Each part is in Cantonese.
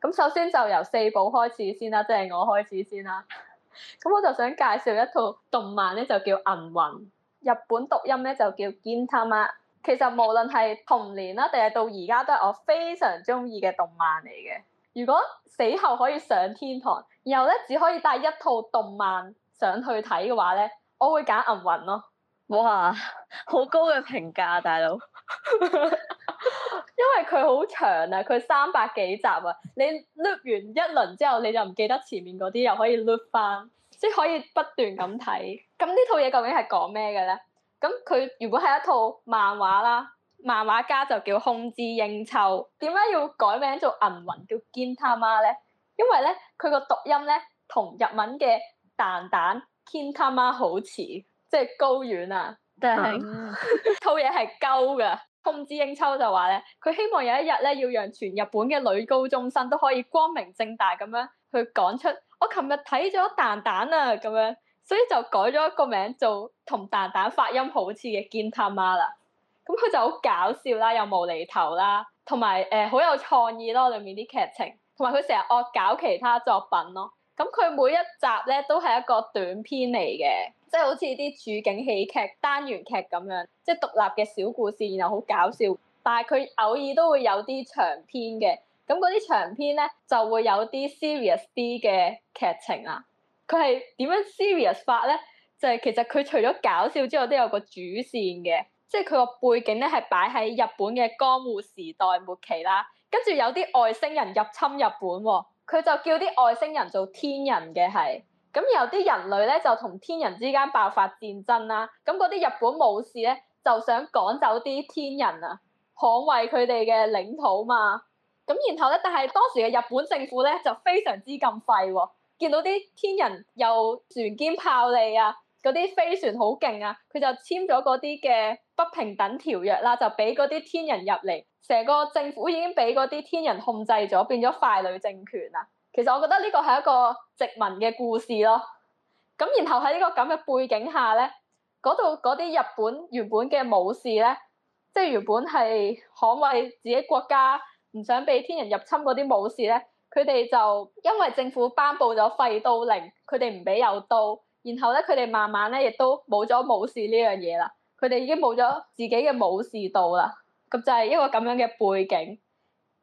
咁首先就由四寶開始先啦，即係我開始先啦。咁我就想介紹一套動漫咧，就叫《銀魂》，日本讀音咧就叫《Gintama》。其實無論係童年啦，定係到而家，都係我非常中意嘅動漫嚟嘅。如果死後可以上天堂，然後咧只可以帶一套動漫上去睇嘅話咧，我會揀《銀魂》咯。哇，好高嘅評價啊，大佬！ 因為佢好長啊，佢三百幾集啊，你 loop 完一輪之後，你就唔記得前面嗰啲，又可以 loop 翻，即係可以不斷咁睇。咁呢套嘢究竟係講咩嘅咧？咁佢如果係一套漫畫啦，漫畫家就叫空知英秋。點解要改名做銀魂，叫堅他媽咧？因為咧，佢個讀音咧同日文嘅蛋蛋堅他媽好似。即係高遠啊，但係、啊、 套嘢係鳩噶。空知英秋就話咧，佢希望有一日咧，要讓全日本嘅女高中生都可以光明正大咁樣去講出我琴日睇咗蛋蛋啊咁樣，所以就改咗一個名做同蛋蛋發音好似嘅堅他媽啦。咁佢就好搞笑啦，又無厘頭啦，同埋誒好有創意咯，裏面啲劇情，同埋佢成日惡搞其他作品咯。咁佢每一集咧都係一個短篇嚟嘅，即係好似啲處境喜劇單元劇咁樣，即係獨立嘅小故事，然後好搞笑。但係佢偶爾都會有啲長篇嘅，咁嗰啲長篇咧就會有啲 serious 啲嘅劇情啦。佢係點樣 serious 法咧？就係、是、其實佢除咗搞笑之外，都有個主線嘅，即係佢個背景咧係擺喺日本嘅江戶時代末期啦。跟住有啲外星人入侵日本喎、哦。佢就叫啲外星人做天人嘅係，咁有啲人類咧就同天人之間爆發戰爭啦。咁嗰啲日本武士咧就想趕走啲天人啊，捍衛佢哋嘅領土嘛。咁然後咧，但係當時嘅日本政府咧就非常之咁廢，見到啲天人又船堅炮利啊，嗰啲飛船好勁啊，佢就簽咗嗰啲嘅不平等條約啦，就俾嗰啲天人入嚟。成個政府已經俾嗰啲天人控制咗，變咗傀儡政權啦。其實我覺得呢個係一個殖民嘅故事咯。咁然後喺呢個咁嘅背景下咧，嗰度嗰啲日本原本嘅武士咧，即係原本係捍衛自己國家，唔想俾天人入侵嗰啲武士咧，佢哋就因為政府頒布咗廢刀令，佢哋唔俾有刀，然後咧佢哋慢慢咧亦都冇咗武士呢樣嘢啦。佢哋已經冇咗自己嘅武士道啦。咁就係一個咁樣嘅背景，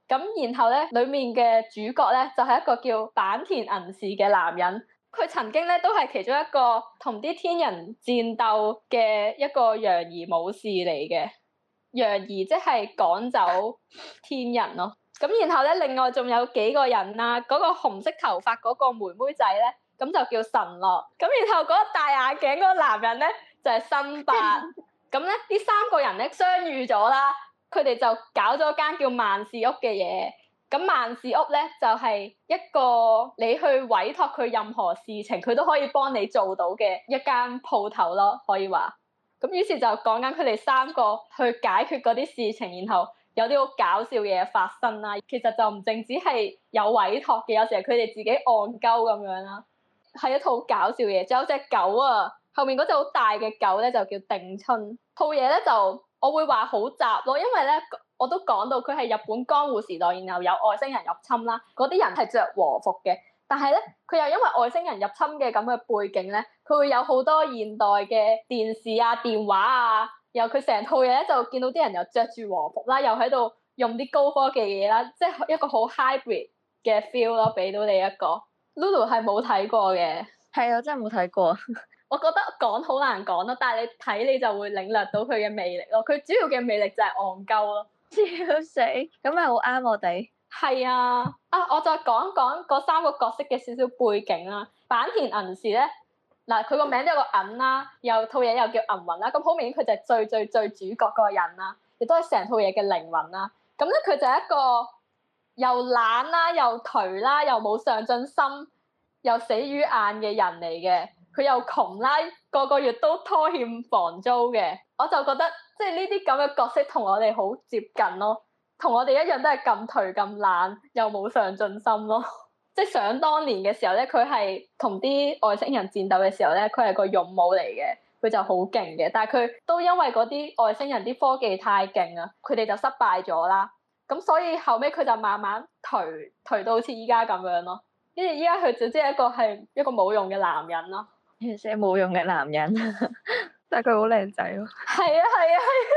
咁然後咧，裡面嘅主角咧就係、是、一個叫坂田銀時嘅男人，佢曾經咧都係其中一個同啲天人戰鬥嘅一個攘夷武士嚟嘅，攘夷即係趕走天人咯。咁然後咧，另外仲有幾個人啦、啊，嗰、那個紅色頭髮嗰個妹妹仔咧，咁就叫神樂。咁然後嗰個戴眼鏡嗰個男人咧就係、是、新八。咁咧，呢三個人咧相遇咗啦。佢哋就搞咗間叫萬事屋嘅嘢，咁萬事屋咧就係一個你去委託佢任何事情，佢都可以幫你做到嘅一間鋪頭咯，可以話。咁於是就講緊佢哋三個去解決嗰啲事情，然後有啲好搞笑嘅嘢發生啦。其實就唔淨止係有委託嘅，有時候佢哋自己戇鳩咁樣啦。係一套搞笑嘢，仲有隻狗啊，後面嗰隻好大嘅狗咧就叫定春，套嘢咧就。我會話好雜咯，因為咧我都講到佢係日本江戶時代，然後有外星人入侵啦。嗰啲人係着和服嘅，但係咧佢又因為外星人入侵嘅咁嘅背景咧，佢會有好多現代嘅電視啊、電話啊，然後佢成套嘢咧就見到啲人又着住和服啦，又喺度用啲高科技嘢啦，即係一個好 hybrid 嘅 feel 咯，俾到你一個。Lulu 係冇睇過嘅，係啊，真係冇睇過。我覺得講好難講咯，但係你睇你就會領略到佢嘅魅力咯。佢主要嘅魅力就係戇鳩咯。笑死！咁咪好啱我哋。係啊，啊！我再講講嗰三個角色嘅少少背景啦。坂田銀時咧，嗱佢個名都有個銀啦，又套嘢又叫銀魂啦。咁好明顯，佢就係最最最最主角嗰個人啦，亦都係成套嘢嘅靈魂啦。咁咧，佢就係一個又懶啦，又頹啦，又冇上進心，又死魚眼嘅人嚟嘅。佢又窮啦，個個月都拖欠房租嘅，我就覺得即係呢啲咁嘅角色同我哋好接近咯，同我哋一樣都係咁頹咁懶，又冇上進心咯。 即係想當年嘅時候咧，佢係同啲外星人戰鬥嘅時候咧，佢係個勇武嚟嘅，佢就好勁嘅。但係佢都因為嗰啲外星人啲科技太勁啊，佢哋就失敗咗啦。咁所以後尾，佢就慢慢頹頹到好似依家咁樣咯。跟住依家佢就即係一個係一個冇用嘅男人咯。而且冇用嘅男人， 但係佢好靚仔咯。係啊係啊係、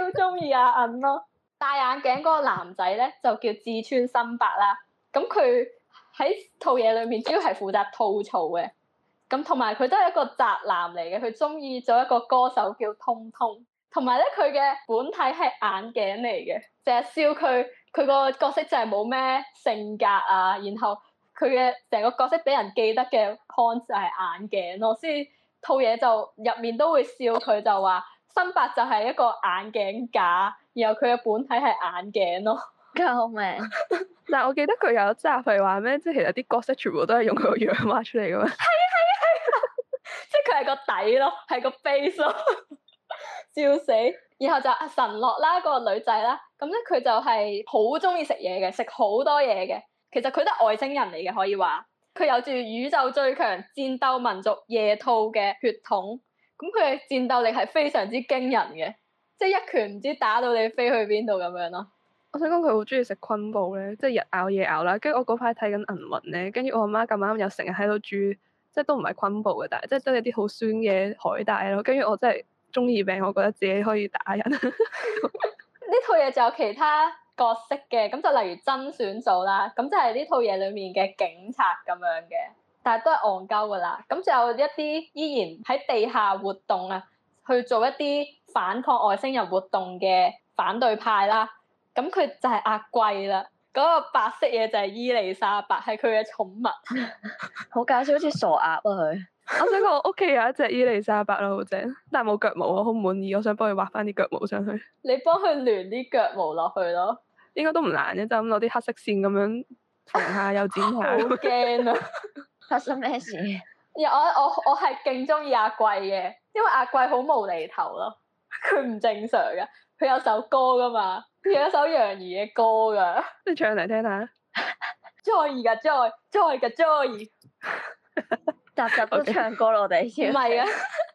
啊，超中意阿銀咯、哦。 戴眼鏡嗰個男仔咧就叫志村新八啦。咁佢喺套嘢裏面主要係負責吐槽嘅。咁同埋佢都係一個宅男嚟嘅，佢中意咗一個歌手叫通通。同埋咧佢嘅本體係眼鏡嚟嘅，淨係笑佢佢個角色就係冇咩性格啊，然後。佢嘅成個角色俾人記得嘅 con 就係眼鏡咯，所以套嘢就入面都會笑佢，就話新八就係一個眼鏡架，然後佢嘅本體係眼鏡咯。救命！ 但我記得佢有一集係話咩，即係其實啲角色全部都係用佢個樣畫出嚟嘅嘛？係啊係啊係啊！即係佢係個底咯，係個 base 咯，笑死！然 後就神樂啦、個女仔啦，咁咧佢就係好中意食嘢嘅，食好多嘢嘅。其實佢都外星人嚟嘅，可以話佢有住宇宙最強戰鬥民族夜兔嘅血統，咁佢嘅戰鬥力係非常之驚人嘅，即係一拳唔知打到你飛去邊度咁樣咯。我想講佢好中意食昆布咧，即係日咬夜咬啦。跟住我嗰排睇緊銀魂咧，跟住我阿媽咁啱又成日喺度煮，即係都唔係昆布嘅，但係即係都有啲好酸嘅海帶咯。跟住我真係中意病，我覺得自己可以打人。呢 套嘢就有其他。角色嘅咁就例如真選組啦，咁就係呢套嘢裏面嘅警察咁樣嘅，但係都係戇鳩噶啦。咁就有一啲依然喺地下活動啊，去做一啲反抗外星人活動嘅反對派啦。咁佢就係阿桂啦，嗰個白色嘢就係伊麗莎白，係佢嘅寵物。 好搞笑，好似傻鴨啊佢。 我想講，我屋企有一隻伊麗莎白咯，好正，但係冇腳毛，我好滿意，我想幫佢畫翻啲腳毛上去。你幫佢亂啲腳毛落去咯， 應該都唔難嘅，就咁攞啲黑色線咁樣縫下又剪下。 好驚啊！發生咩事？ 我我我係勁中意阿貴嘅，因為阿貴好無厘頭咯，佢唔正常嘅，佢有首歌噶嘛，佢有一首楊怡嘅歌噶。 你唱嚟聽，聽下。 joy 噶 joy joy 噶 joy。 集集都唱歌啦，我哋要唔係啊？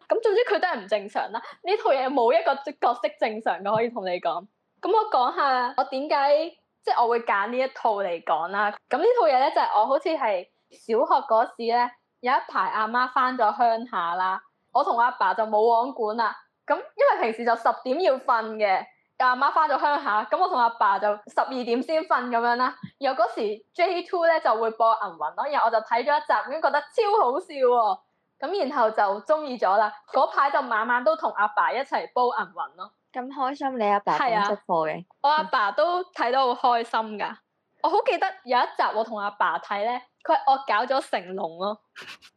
咁 總之佢都係唔正常啦。呢套嘢冇一個角色正常嘅，可以同你講。咁我講下我點解即係我會揀呢一套嚟講啦。咁呢套嘢咧就係我好似係小學嗰時咧，有一排阿媽翻咗鄉下啦，我同阿爸就冇王管啦。咁因為平時就十點要瞓嘅。阿媽翻咗鄉下，咁我同阿爸就十二點先瞓咁樣啦。然後嗰時 J Two 咧就會播銀魂咯，然後我就睇咗一集，已經覺得超好笑喎、哦。咁然後就中意咗啦。嗰排就晚晚都同阿爸一齊煲銀魂咯。咁開心，你阿爸兼職播嘅，係啊，我阿爸都睇到好開心噶。我好記得有一集我同阿爸睇咧，佢惡搞咗成龍咯。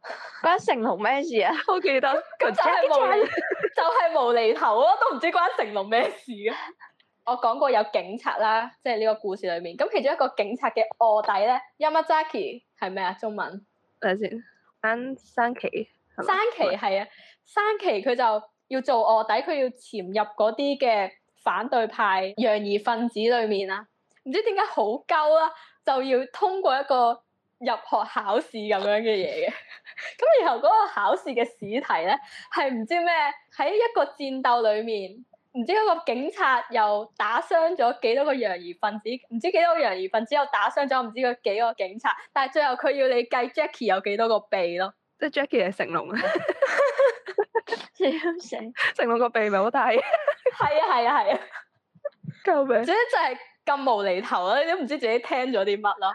關成龍咩事啊？好 記得，佢 就係無 就係無厘頭咯，都唔知關成龍咩事啊！ 我講過有警察啦，即係呢個故事裏面。咁其中一個警察嘅臥底咧，Yamazaki 係咩啊？中文等下先。山山崎。山崎係啊，山崎佢就要做臥底，佢要潛入嗰啲嘅反對派、攘夷分子裏面啊。唔知點解好鳩啦，就要通過一個入學考試咁樣嘅嘢嘅，咁 然後嗰個考試嘅試題咧係唔知咩，喺一個戰鬥裏面，唔知嗰個警察又打傷咗幾多個攘夷分子，唔知幾多個攘夷分子又打傷咗唔知嗰幾個警察，但係最後佢要你計 Jacky 有幾多個鼻咯，即係 Jacky 係成龍啊， 成龍個鼻咪好大，係啊係啊係啊，啊啊 救命！總之就係、是。咁無厘頭啊，你都唔知自己聽咗啲乜咯？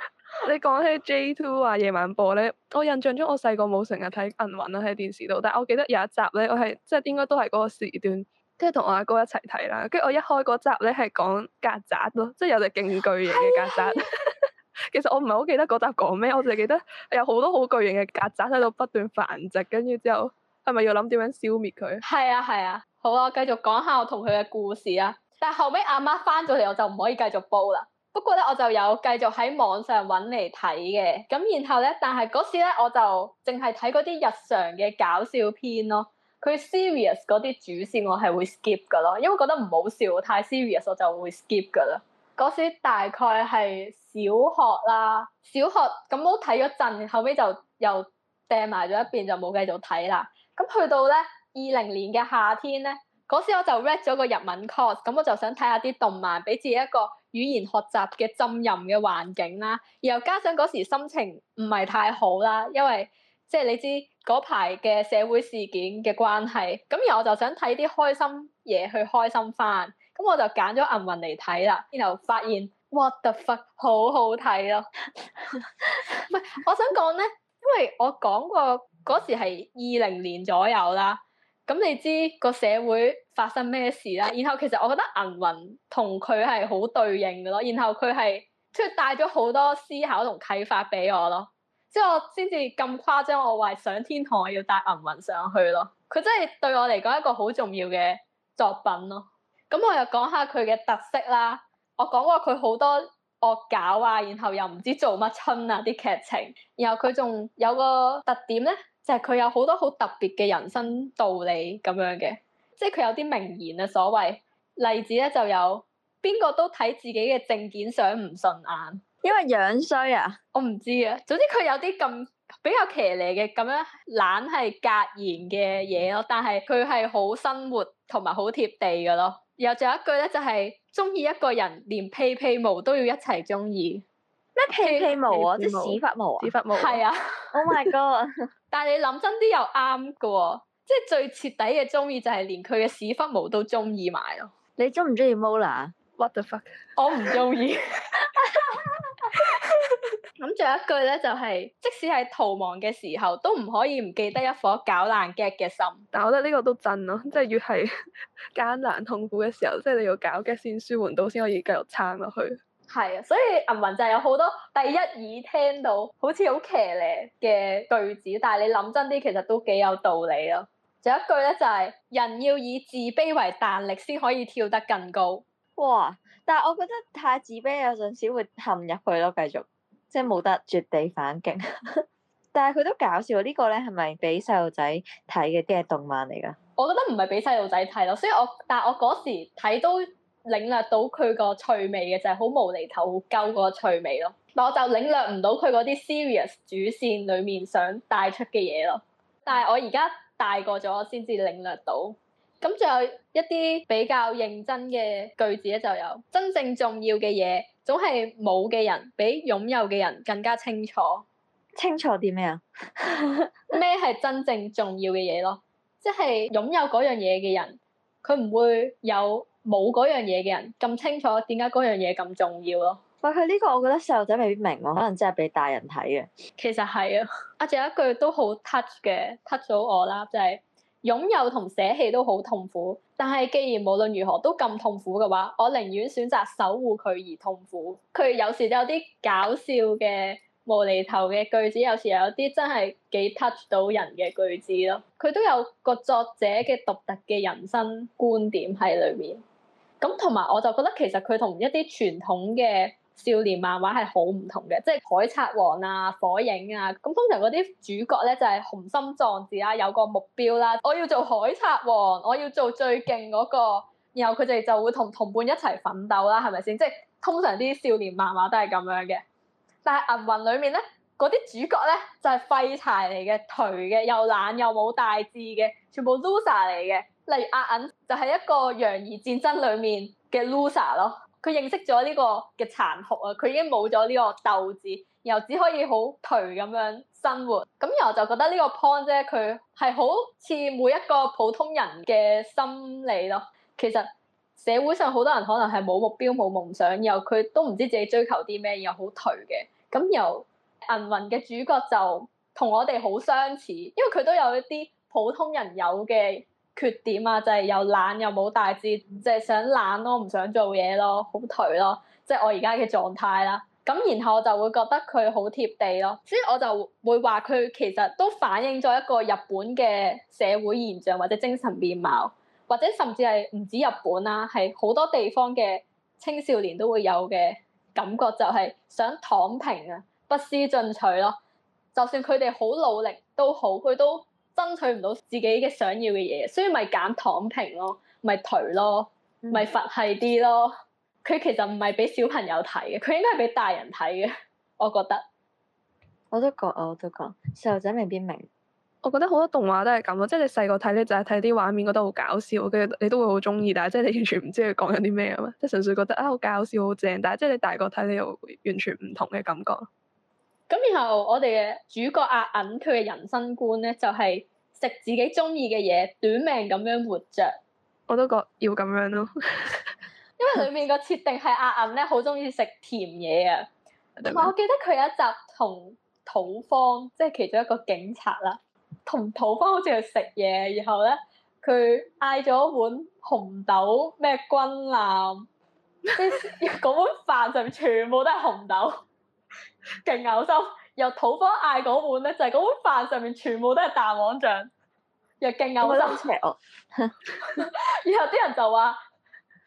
你講起 J Two 啊，夜晚播咧，我印象中我細個冇成日睇《銀魂》啊喺電視度，但係我記得有一集咧，我係即係應該都係嗰個時段，即係同我阿哥，哥一齊睇啦。跟住我一開嗰集咧係講曱甴咯，即係、就是、有隻勁巨型嘅曱甴。 啊啊、 其實我唔係好記得嗰集講咩，我就係記得有好多好巨型嘅曱甴喺度不斷繁殖，跟住之後係咪要諗點樣消滅佢？係啊係啊，啊，好啊，繼續講下我同佢嘅故事啊！但後尾阿媽翻咗嚟，我就唔可以繼續煲啦。不過咧，我就有繼續喺網上揾嚟睇嘅。咁然後咧，但係嗰時咧，我就淨係睇嗰啲日常嘅搞笑片咯。佢 serious 嗰啲主線我係會 skip 噶咯，因為覺得唔好笑，太 serious 我就會 skip 噶啦。嗰時大概係小學啦，小學咁都睇咗陣，後尾就又掟埋咗一邊，就冇繼續睇啦。咁去到咧二零年嘅夏天咧。嗰時我就 read 咗個日文 course，咁我就想睇下啲動漫，俾自己一個語言學習嘅浸淫嘅環境啦。然後加上嗰時心情唔係太好啦，因為即係你知嗰排嘅社會事件嘅關係。咁然後我就想睇啲開心嘢去開心翻。咁我就揀咗《銀魂》嚟睇啦，然後發現 what the fuck 好好睇咯！唔 係，我想講咧，因為我講過嗰時係二零年左右啦。咁你知個社會發生咩事啦？然後其實我覺得《銀魂》同佢係好對應嘅咯。然後佢係即係帶咗好多思考同啟發俾我咯。即係我先至咁誇張，我話上天堂我要帶《銀魂》上去咯。佢真係對我嚟講一個好重要嘅作品咯。咁我又講下佢嘅特色啦。我講過佢好多惡搞啊，然後又唔知做乜親啊啲劇情。然後佢仲有個特點咧。就係佢有好多好特別嘅人生道理咁樣嘅，即係佢有啲名言啊，所謂例子咧，就有邊個都睇自己嘅證件相唔順眼，因為樣衰啊！我唔知啊，總之佢有啲咁比較騎呢嘅咁樣懶係格言嘅嘢咯，但係佢係好生活同埋好貼地噶咯。然後仲有一句咧，就係中意一個人連屁屁毛都要一齊中意。咩屁屁毛啊？啲屎忽毛啊？屎忽毛係啊！Oh my god！但係你諗真啲又啱嘅喎，即係最徹底嘅中意就係連佢嘅屎忽毛都中意埋咯。你中唔中意 Mona？What the fuck！我唔中意。咁仲有一句咧、就是，就係即使係逃亡嘅時候，都唔可以唔記得一顆搞爛 gag 嘅心。但我覺得呢個都真咯，即、就、係、是、越係艱難痛苦嘅時候，即、就、係、是、你要搞 gag 先舒緩到，先可以繼續撐落去。係啊，所以銀魂就係有好多第一耳聽到好似好騎呢嘅句子，但係你諗真啲，其實都幾有道理咯。仲有一句咧，就係、是、人要以自卑為彈力，先可以跳得更高。哇！但係我覺得太自卑有陣時會陷入去咯，繼續即係冇得絕地反擊。 但係佢都搞笑、這個、呢個咧係咪俾細路仔睇嘅？啲係動漫嚟㗎？我覺得唔係俾細路仔睇咯，所以我但係我嗰時睇都。領略到佢、就是、個趣味嘅就係好無厘頭，鳩嗰個趣味咯。我就領略唔到佢嗰啲 serious 主線裏面想帶出嘅嘢咯。但係我而家大個咗，先至領略到。咁仲有一啲比較認真嘅句子咧，就有真正重要嘅嘢，總係冇嘅人比擁有嘅人更加清楚。清楚啲咩啊？咩 係真正重要嘅嘢咯？即係擁有嗰樣嘢嘅人，佢唔會有。冇嗰樣嘢嘅人咁清楚點解嗰樣嘢咁重要咯？喂！佢、這、呢個我覺得細路仔未必明喎，可能真係俾大人睇嘅。其實係啊，啊仲有一句都好 touch 嘅，touch 到我啦，就係、是、擁有同捨棄都好痛苦，但係既然無論如何都咁痛苦嘅話，我寧願選擇守護佢而痛苦。佢有時都有啲搞笑嘅無厘頭嘅句子，有時又有啲真係幾 touch 到人嘅句子咯。佢都有個作者嘅獨特嘅人生觀點喺裏面。咁同埋我就覺得其實佢同一啲傳統嘅少年漫畫係好唔同嘅，即係海賊王啊、火影啊。咁通常嗰啲主角咧就係雄心壯志啊，有個目標啦，我要做海賊王，我要做最勁嗰個。然後佢哋就會同同伴一齊奮鬥啦，係咪先？即係通常啲少年漫畫都係咁樣嘅。但係銀魂裡面咧，嗰啲主角咧就係廢柴嚟嘅，頹嘅，又懶又冇大志嘅，全部 loser 嚟嘅。例如阿銀就係、是、一個攘夷戰爭裡面嘅 loser 咯，佢認識咗呢個嘅殘酷啊，佢已經冇咗呢個鬥志，然後只可以好頹咁樣生活。咁然後就覺得呢個 point 啫，佢係好似每一個普通人嘅心理咯。其實社會上好多人可能係冇目標、冇夢想，然後佢都唔知自己追求啲咩，然後好頹嘅。咁由銀魂嘅主角就同我哋好相似，因為佢都有一啲普通人有嘅，缺點啊，就係又懶又冇大志，就係想懶咯，唔想做嘢咯，好頹咯，即係我而家嘅狀態啦。咁然後我就會覺得佢好貼地咯，所以我就會話佢其實都反映咗一個日本嘅社會現象或者精神面貌，或者甚至係唔止日本啦，係好多地方嘅青少年都會有嘅感覺，就係想躺平啊，不思進取咯，就算佢哋好努力都好，佢都爭取唔到自己嘅想要嘅嘢，所以咪揀躺平咯，咪頹咯，咪佛係啲咯。佢其實唔係俾小朋友睇嘅，佢應該係俾大人睇嘅，我覺得。我都覺啊，我都覺，細路仔未必明。我覺得好多動畫都係咁咯，即係你細個睇咧就係睇啲畫面覺得好搞笑，跟住你都會好中意，但係即係你完全唔知佢講緊啲咩啊嘛，即係純粹覺得啊好搞笑好正，但係即係你大個睇你又完全唔同嘅感覺。咁然後我哋嘅主角阿銀佢嘅人生觀咧，就係食自己中意嘅嘢，短命咁樣活着。我都覺要咁樣咯， 因為裏面個設定係阿銀咧好中意食甜嘢啊！同埋 我記得佢有一集同土方，即係其中一個警察啦，同土方好似去食嘢，然後咧佢嗌咗碗紅豆咩軍艦，嗰 碗飯就全部都係紅豆。勁嘔心，又土方嗌嗰碗咧，就係、是、嗰碗飯上面全部都係蛋黃醬，又勁嘔心赤哦。 然後啲人就話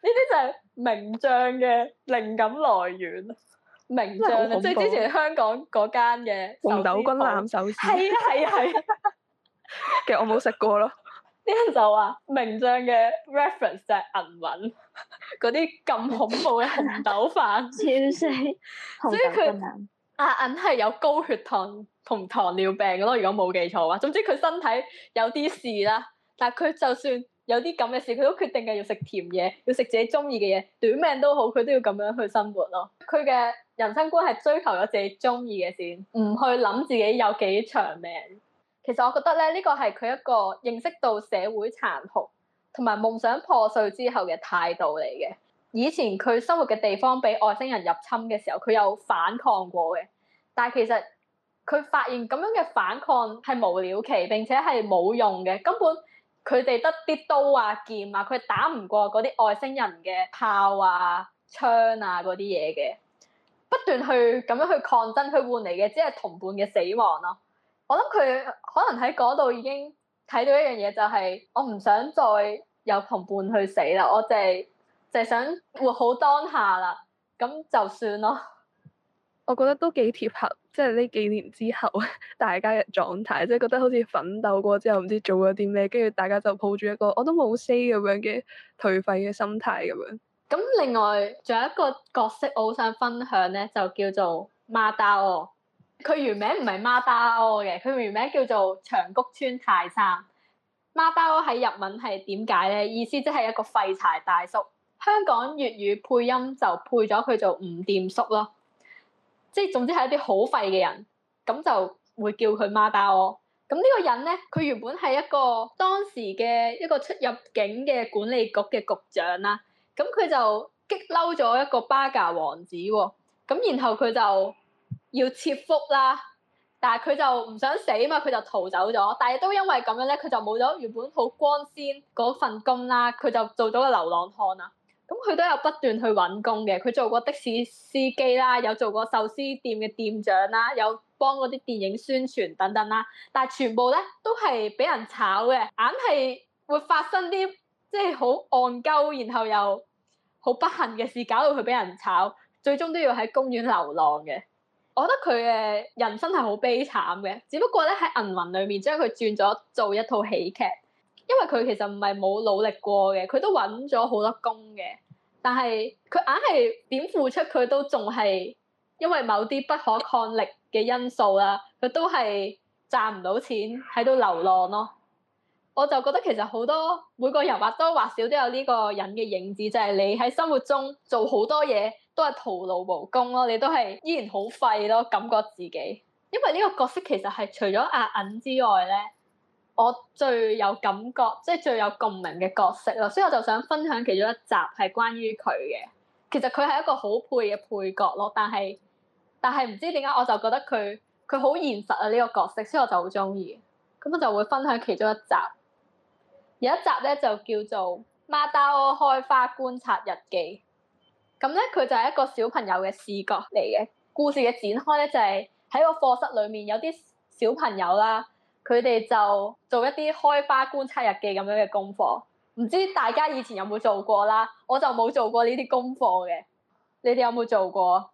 呢啲就係名將嘅靈感來源，名將啦，即係之前香港嗰間嘅紅豆軍艦壽司。係啊係啊係啊。 是啊 其實我冇食過咯。啲人就話名將嘅 reference 就係銀魂嗰啲咁恐怖嘅紅豆飯，笑死！所以佢。阿銀係有高血糖同糖尿病咯，如果冇記錯嘅話。總之佢身體有啲事啦，但係佢就算有啲咁嘅事，佢都決定嘅要食甜嘢，要食自己中意嘅嘢，短命都好，佢都要咁樣去生活咯。佢嘅人生觀係追求咗自己中意嘅事，唔去諗自己有幾長命。其實我覺得咧，呢個係佢一個認識到社會殘酷同埋夢想破碎之後嘅態度嚟嘅。以前佢生活嘅地方俾外星人入侵嘅時候，佢有反抗過嘅，但係其實佢發現咁樣嘅反抗係無了期，並且係冇用嘅，根本佢哋得啲刀啊劍啊，佢打唔過嗰啲外星人嘅炮啊槍啊嗰啲嘢嘅，不斷去咁樣去抗爭，佢換嚟嘅只係同伴嘅死亡咯，啊。我諗佢可能喺嗰度已經睇到一樣嘢，就是，就係我唔想再有同伴去死啦，我淨係。就係想活好當下啦，咁就算咯。我覺得都幾貼合，即係呢幾年之後，大家嘅狀態，即係覺得好似奮鬥過之後，唔知做咗啲咩，跟住大家就抱住一個我都冇 say 咁樣嘅頹廢嘅心態咁樣。咁另外仲有一個角色，我好想分享咧，就叫做 Madao。佢原名唔係 Madao 嘅，佢原名叫做長谷川泰三。Madao 喺日文係點解咧？意思即係一個廢柴大叔。香港粵語配音就配咗佢做唔掂叔咯，即係總之係一啲好廢嘅人，咁就會叫佢 Madao。咁呢個人咧，佢原本係一個當時嘅一個出入境嘅管理局嘅局長啦，咁佢就激嬲咗一個巴加王子喎，咁然後佢就要切腹啦，但係佢就唔想死嘛，佢就逃走咗。但係都因為咁樣咧，佢就冇咗原本好光鮮嗰份工啦，佢就做咗個流浪漢啦。咁佢都有不斷去揾工嘅，佢做過的士司機啦，有做過壽司店嘅店長啦，有幫嗰啲電影宣傳等等啦，但係全部咧都係俾人炒嘅，硬係會發生啲即係好戇鳩，然後又好不幸嘅事，搞到佢俾人炒，最終都要喺公園流浪嘅。我覺得佢嘅人生係好悲慘嘅，只不過咧喺銀魂裡面將佢轉咗做一套喜劇。因為佢其實唔係冇努力過嘅，佢都揾咗好多工嘅，但係佢硬係點付出，佢都仲係因為某啲不可抗力嘅因素啦，佢都係賺唔到錢喺度流浪咯。我就覺得其實好多每個人或多或少都有呢個人嘅影子，就係你喺生活中做好多嘢都係徒勞無功咯，你都係依然好廢咯，感覺自己。因為呢個角色其實係除咗阿銀之外咧。我最有感覺，即係最有共鳴嘅角色咯，所以我就想分享其中一集係關於佢嘅。其實佢係一個好配嘅配角咯，但係但係唔知點解我就覺得佢佢好現實啊呢個角色，所以我就好中意。咁我就會分享其中一集。有一集咧就叫做《Madao 開花觀察日記》。咁咧佢就係一個小朋友嘅視角嚟嘅，故事嘅展開咧就係喺個課室裡面有啲小朋友啦。佢哋就做一啲開花觀察日記咁樣嘅功課，唔知大家以前有冇做過啦？我就冇做過呢啲功課嘅，你哋有冇做過？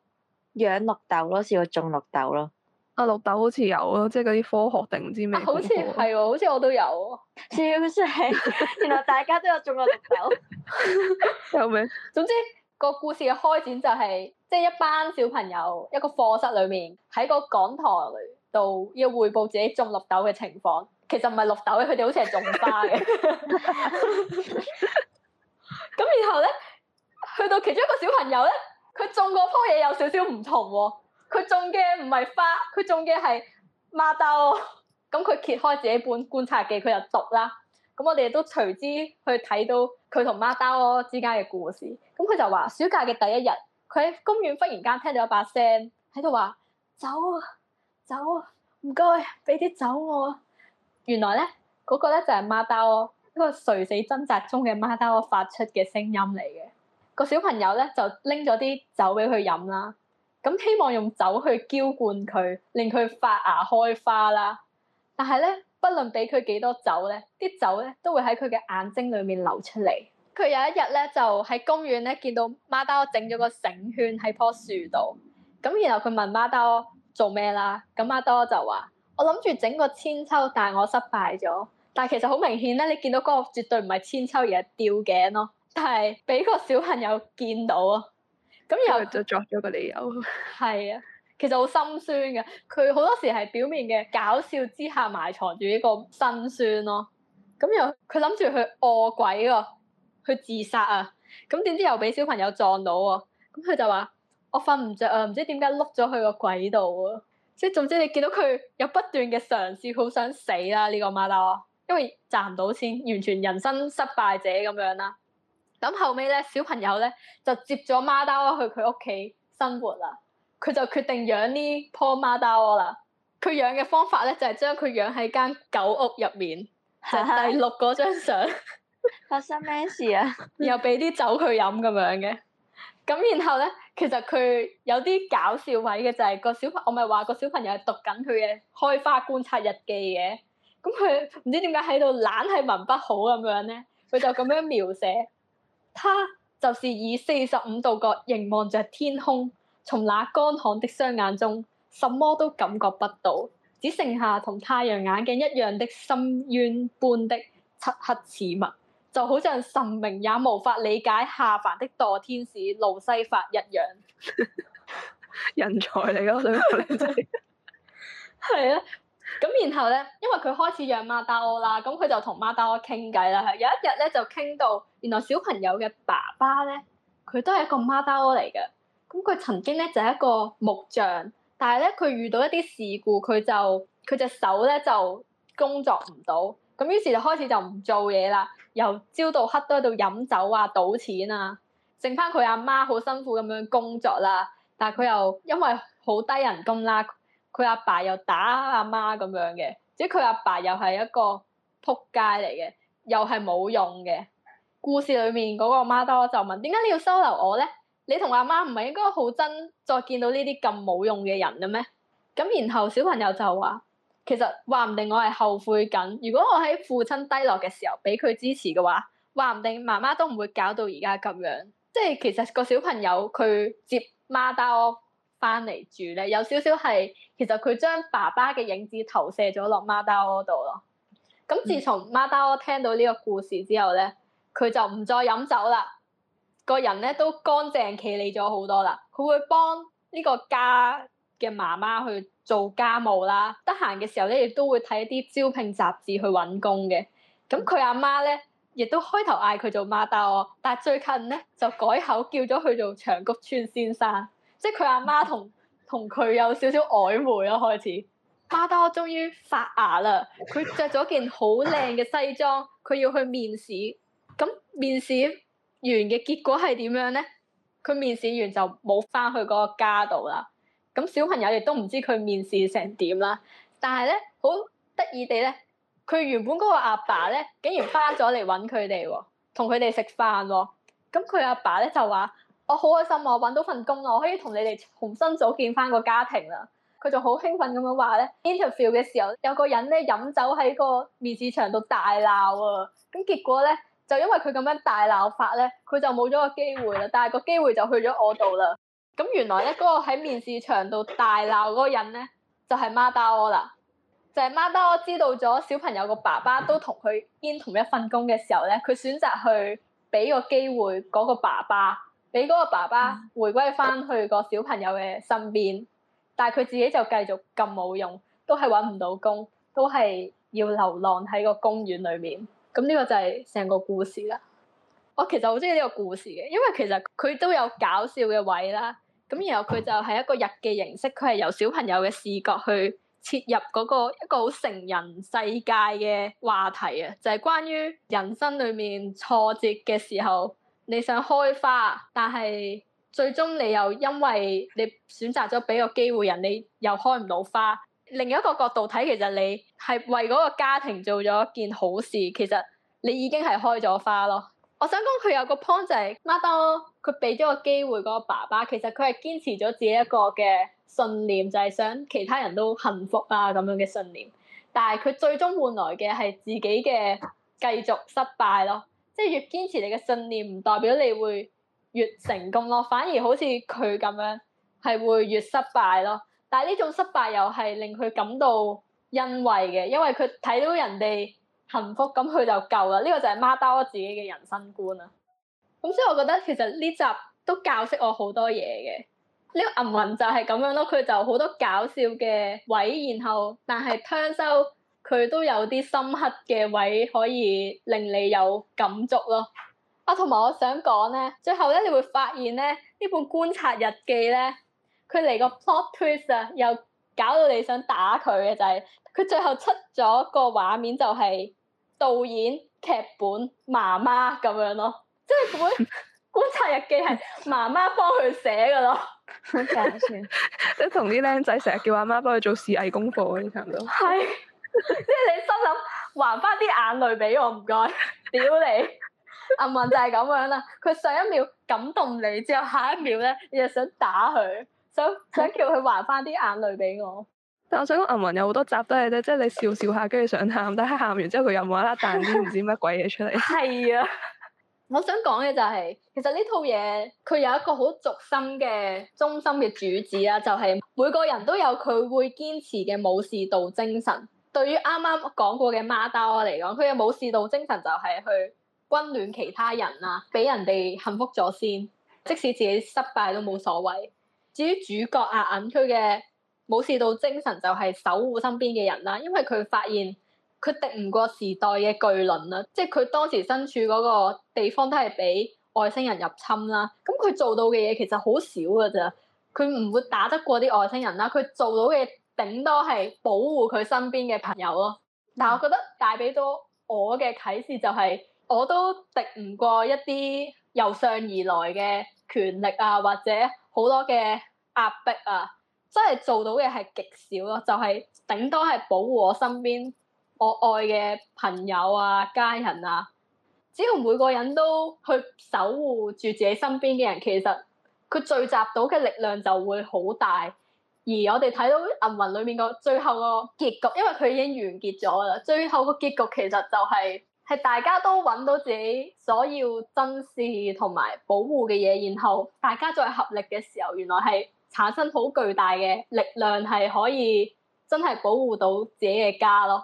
養綠豆咯，試過種綠豆咯。啊，綠豆好似有咯，即係嗰啲科學定唔知咩？啊，好似係喎，好似我都有。超正，原來大家都有種過綠豆。 有咩麼？總之個故事嘅開展就係、是，即係一班小朋友一個課室裏面喺個講台。到要匯報自己種綠豆嘅情況，其實唔係綠豆嘅，佢哋好似係種花嘅。咁 然後咧，去到其中一個小朋友咧，佢種嗰棵嘢有少少唔同，佢種嘅唔係花，佢種嘅係馬豆。咁 佢揭開自己本觀察記，佢就讀啦。咁我哋都隨之去睇到佢同馬豆之間嘅故事。咁佢就話：暑假嘅第一日，佢喺公園忽然間聽到一把聲喺度話：走啊。」走酒唔該，俾啲酒我。啊。原來咧，嗰、嗰個咧就係馬兜翁，一個垂死掙扎中嘅馬兜翁發出嘅聲音嚟嘅。嗰個小朋友咧就拎咗啲酒俾佢飲啦，咁希望用酒去澆灌佢，令佢發芽開花啦。但係咧，不論俾佢幾多酒咧，啲酒咧都會喺佢嘅眼睛裏面流出嚟。佢有一日咧就喺公園咧見到馬兜整咗個繩圈喺棵樹度，咁然後佢問馬兜做咩啦？咁阿多就話：我諗住整個韆鞦，但係我失敗咗。但係其實好明顯咧，你見到嗰個絕對唔係韆鞦，而係吊頸咯。但係俾個小朋友見到啊。咁又就作咗個理由。係 啊，其實好心酸㗎。佢好多時係表面嘅搞笑之下埋藏住一個辛酸咯。咁又佢諗住去餓鬼個、啊，去自殺啊。咁點知又俾小朋友撞到喎、啊？咁佢就話。我瞓唔着啊，唔知點解碌咗去個軌道啊！即係總之你見到佢有不斷嘅嘗試，好想死啦！呢、這個 Madao 啊，因為賺唔到錢，完全人生失敗者咁樣啦。咁後尾咧，小朋友咧就接咗 Madao 去佢屋企生活啦。佢就決定養呢樖 Madao 啊啦。佢養嘅方法咧就係將佢養喺間狗屋入面，哈哈就第六嗰張相發生咩事啊？又俾啲酒佢飲咁樣嘅。咁然後咧，其實佢有啲搞笑位嘅就係、是、個小朋，我咪話個小朋友係讀緊佢嘅開花觀察日記嘅，咁佢唔知點解喺度懶係文筆好咁樣咧，佢就咁樣描寫， 他就是以四十五度角凝望着天空，從那乾旱的雙眼中，什麼都感覺不到，只剩下同太陽眼鏡一樣的深淵般的漆黑事物。就好像神明也無法理解下凡的墮天使路西法一樣， 人才嚟咯！想講你真係啊。咁 然後咧，因為佢開始養 Madao 啦，咁佢就同 Madao 傾偈啦。有一日咧，就傾到原來小朋友嘅爸爸咧，佢都係一個 Madao 嚟嘅。咁佢曾經咧就係、是、一個木匠，但係咧佢遇到一啲事故，佢就佢隻手咧就工作唔到。咁於是就開始就唔做嘢啦，由朝到黑都喺度飲酒啊、賭錢啊，剩翻佢阿媽好辛苦咁樣工作啦。但係佢又因為好低人工啦，佢阿爸又打阿媽咁樣嘅，即係佢阿爸又係一個撲街嚟嘅，又係冇用嘅。故事裏面嗰個媽多就問：點解你要收留我咧？你同阿媽唔係應該好憎再見到呢啲咁冇用嘅人嘅咩？咁然後小朋友就話。其實話唔定我係後悔緊，如果我喺父親低落嘅時候俾佢支持嘅話，話唔定媽媽都唔會搞到而家咁樣。即係其實個小朋友佢接 Madao 翻嚟住咧，有少少係其實佢將爸爸嘅影子投射咗落 Madao 嗰度咯。咁自從 Madao 聽到呢個故事之後咧，佢、嗯、就唔再飲酒啦，個人咧都乾淨企理咗好多啦。佢會幫呢個家嘅媽媽去。做家務啦，得閒嘅時候咧，亦都會睇一啲招聘雜誌去揾工嘅。咁佢阿媽咧，亦都開頭嗌佢做媽打哦，但係最近咧就改口叫咗佢做長谷川先生，即係佢阿媽同同佢有少少曖昧咯。開始，媽打我終於發芽啦！佢着咗件好靚嘅西裝，佢要去面試。咁面試完嘅結果係點樣咧？佢面試完就冇翻去嗰個家度啦。咁小朋友亦都唔知佢面試成點啦，但係咧好得意地咧，佢原本嗰個阿爸咧，竟然翻咗嚟揾佢哋喎，同佢哋食飯喎。咁佢阿爸咧就話：oh，我好開心，我揾到份工啦，我可以同你哋重新組建翻個家庭啦。佢就好興奮咁樣話咧，interview 嘅時候有個人咧飲酒，喺個面試場度大鬧啊，咁結果咧就因為佢咁樣大鬧法咧，佢就冇咗個機會啦。但係個機會就去咗我度啦。咁原來咧，嗰、那個喺面試場度大鬧嗰個人咧，就係 Madao 啦。就係 Madao 知道咗小朋友個爸爸都同佢兼同一份工嘅時候咧，佢選擇去俾個機會嗰個爸爸，俾嗰個爸爸回歸翻去個小朋友嘅身邊。但係佢自己就繼續咁冇用，都係揾唔到工，都係要流浪喺個公園裏面。咁呢個就係成個故事啦。我其實好中意呢個故事嘅，因為其實佢都有搞笑嘅位啦。咁然後佢就係一個日記形式，佢係由小朋友嘅視角去切入嗰個一個好成人世界嘅話題啊，就係關於人生裡面挫折嘅時候，你想開花，但係最終你又因為你選擇咗俾個機會人，你又開唔到花。另一個角度睇，其實你係為嗰個家庭做咗一件好事，其實你已經係開咗花咯。我想講佢有個 point 就係，Madao 佢俾咗個機會個爸爸，其實佢係堅持咗自己一個嘅信念，就係想其他人都幸福啊咁樣嘅信念。但係佢最終換來嘅係自己嘅繼續失敗咯。即係越堅持你嘅信念，唔代表你會越成功咯。反而好似佢咁樣係會越失敗咯。但係呢種失敗又係令佢感到欣慰嘅，因為佢睇到人哋。幸福咁佢就夠啦，呢、這個就係 Madao 我自己嘅人生觀啦。咁所以我覺得其實呢集都教識我好多嘢嘅。呢個銀魂就係咁樣咯，佢就好多搞笑嘅位，然後但係聽收，佢都有啲深刻嘅位可以令你有感觸咯。啊，同埋我想講呢，最後咧你會發現呢，呢本觀察日記呢，佢嚟個 plot twist 啊，又搞到你想打佢嘅就係、是、佢最後出咗個畫面就係、是。導演、劇本、媽媽咁樣咯，即係本觀察日記係媽媽幫佢寫噶咯。好搞笑，即係同啲靚仔成日叫阿媽幫佢做視藝功課嗰啲差唔多。係，即係 你心諗還翻啲眼淚俾我唔該，屌你！銀魂就係咁樣啦，佢上一秒感動你，之後下一秒咧你就想打佢，想想叫佢還翻啲眼淚俾我。但我想講銀魂有好多集都係咧，即係你笑笑下，跟住想喊，但係喊完之後佢又冇啦啦彈啲唔知乜鬼嘢出嚟。係 啊， 我想講嘅就係、是，其實呢套嘢佢有一個好足心嘅中心嘅主旨啊，就係、是、每個人都有佢會堅持嘅武士道精神。對於啱啱講過嘅 Madao 我嚟講，佢嘅武士道精神就係去溫暖其他人啊，俾人哋幸福咗先，即使自己失敗都冇所謂。至於主角阿、啊、銀，佢嘅。冇事到精神就係守護身邊嘅人啦，因為佢發現佢敵唔過時代嘅巨輪啦，即係佢當時身處嗰個地方都係俾外星人入侵啦，咁佢做到嘅嘢其實好少噶咋，佢唔會打得過啲外星人啦，佢做到嘅頂多係保護佢身邊嘅朋友咯。但係我覺得帶俾到我嘅啟示就係，我都敵唔過一啲由上而來嘅權力啊，或者好多嘅壓迫啊。真係做到嘅係極少咯，就係、是、頂多係保護我身邊我愛嘅朋友啊、家人啊。只要每個人都去守護住自己身邊嘅人，其實佢聚集到嘅力量就會好大。而我哋睇到銀魂裏面個最後個結局，因為佢已經完結咗啦。最後個結局其實就係、是、係大家都揾到自己所要珍視同埋保護嘅嘢，然後大家再合力嘅時候，原來係，產生好巨大嘅力量，係可以真係保護到自己嘅家咯。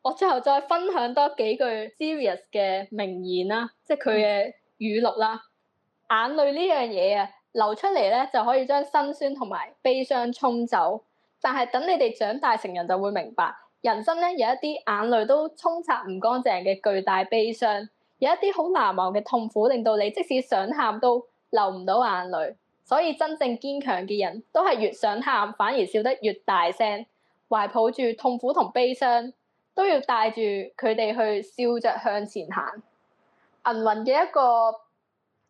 我最後再分享多幾句 Serious 嘅名言啦，即係佢嘅語錄啦。嗯、眼淚呢樣嘢啊，流出嚟咧就可以將辛酸同埋悲傷沖走。但係等你哋長大成人就會明白，人生咧有一啲眼淚都沖刷唔乾淨嘅巨大悲傷，有一啲好難忘嘅痛苦，令到你即使想喊都流唔到眼淚。所以真正堅強嘅人都係越想喊，反而笑得越大聲，懷抱住痛苦同悲傷，都要帶住佢哋去笑着向前行。銀魂嘅一個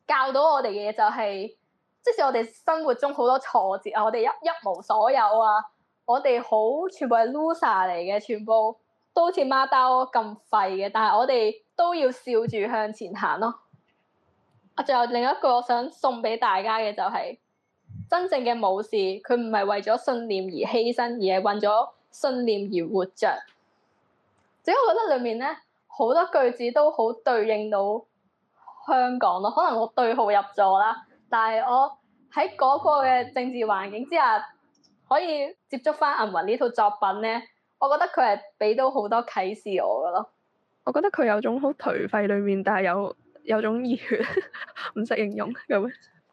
教到我哋嘅嘢就係、是，即使我哋生活中好多挫折啊，我哋一一無所有啊，我哋好全部係 loser 嚟嘅，全部都好似 Madao 咁廢嘅，但係我哋都要笑住向前行咯。啊！最後另一個我想送俾大家嘅就係、是、真正嘅武士，佢唔係為咗信念而犧牲，而係為咗信念而活着。只因為我覺得裏面咧好多句子都好對應到香港咯。可能我對號入座啦，但係我喺嗰個嘅政治環境之下，可以接觸翻銀魂呢套作品咧，我覺得佢係俾到好多啟示我噶咯。我覺得佢有種好頹廢裏面，但係有。有種熱血，唔 識形容咁。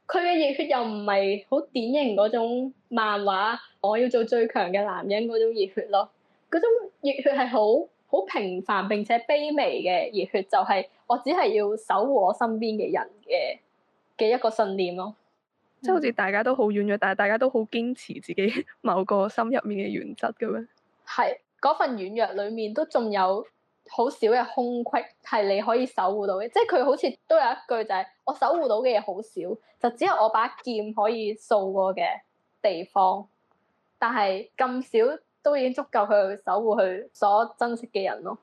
佢嘅熱血又唔係好典型嗰種漫畫，我要做最強嘅男人嗰種熱血咯。嗰種熱血係好好平凡並且卑微嘅熱血，就係、是、我只係要守護我身邊嘅人嘅嘅一個信念咯。即係好似大家都好軟弱，但係大家都好堅持自己某個心入面嘅原則咁樣。係嗰份軟弱裏面都仲有。好少嘅空隙係你可以守護到嘅，即係佢好似都有一句就係、是、我守護到嘅嘢好少，就只有我把劍可以掃過嘅地方，但係咁少都已經足夠佢去守護佢所珍惜嘅人咯。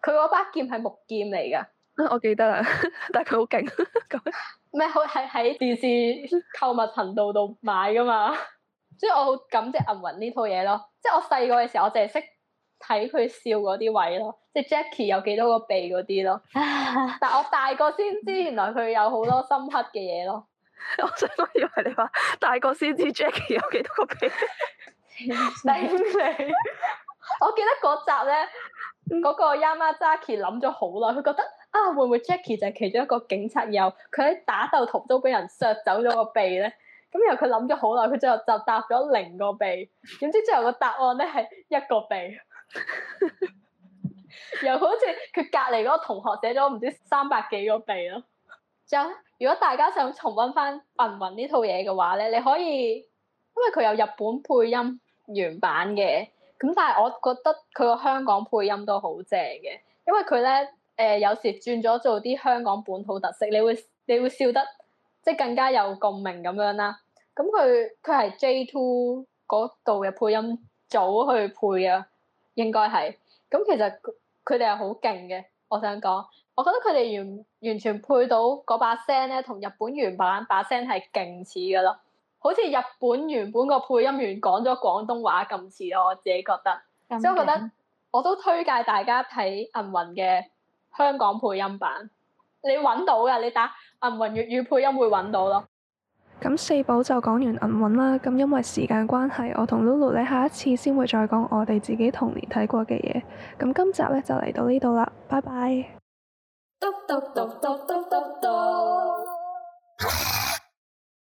佢嗰把劍係木劍嚟噶，我記得啦，但係佢好勁。咩？好喺喺電視購物頻道度買噶嘛？所以我好感激銀魂呢套嘢咯。即係我細個嘅時候，我淨係識，睇佢笑嗰啲位咯，即係 Jacky 有幾多個鼻嗰啲咯。但我大個先知，原來佢有好多深刻嘅嘢咯。我最多以為你話大個先知 Jacky 有幾多個鼻？頂 你！ 我記得嗰集咧，嗰、那個山崎 Jacky 諗咗好耐，佢覺得啊，會唔會 Jacky 就係其中一個警察友佢喺打鬥途中俾人削走咗個鼻咧。咁然後佢諗咗好耐，佢最後就答咗零個鼻。點知最後個答案咧係一個鼻。又 好似佢隔籬嗰個同學寫咗唔知三百幾個鼻咯。仲 有，如果大家想重温翻《銀魂》呢套嘢嘅話咧，你可以，因為佢有日本配音原版嘅。咁但係我覺得佢個香港配音都好正嘅，因為佢咧誒，有時轉咗做啲香港本土特色，你會你會笑得即係更加有共鳴咁樣啦。咁佢佢係 J Two 嗰度嘅配音組去配啊。應該係，咁其實佢哋係好勁嘅。我想講，我覺得佢哋完完全配到嗰把聲咧，同日本原版把聲係勁似噶咯，好似日本原本個配音員講咗廣東話咁似咯。我自己覺得，所以我覺得我都推介大家睇銀魂嘅香港配音版，你揾到噶，你打銀魂粵語，語配音會揾到咯。咁四寶就講完銀魂啦，咁因為時間關係，我同 Lulu 呢下一次先會再講我哋自己童年睇過嘅嘢，咁今集呢，就嚟到呢度啦，拜拜。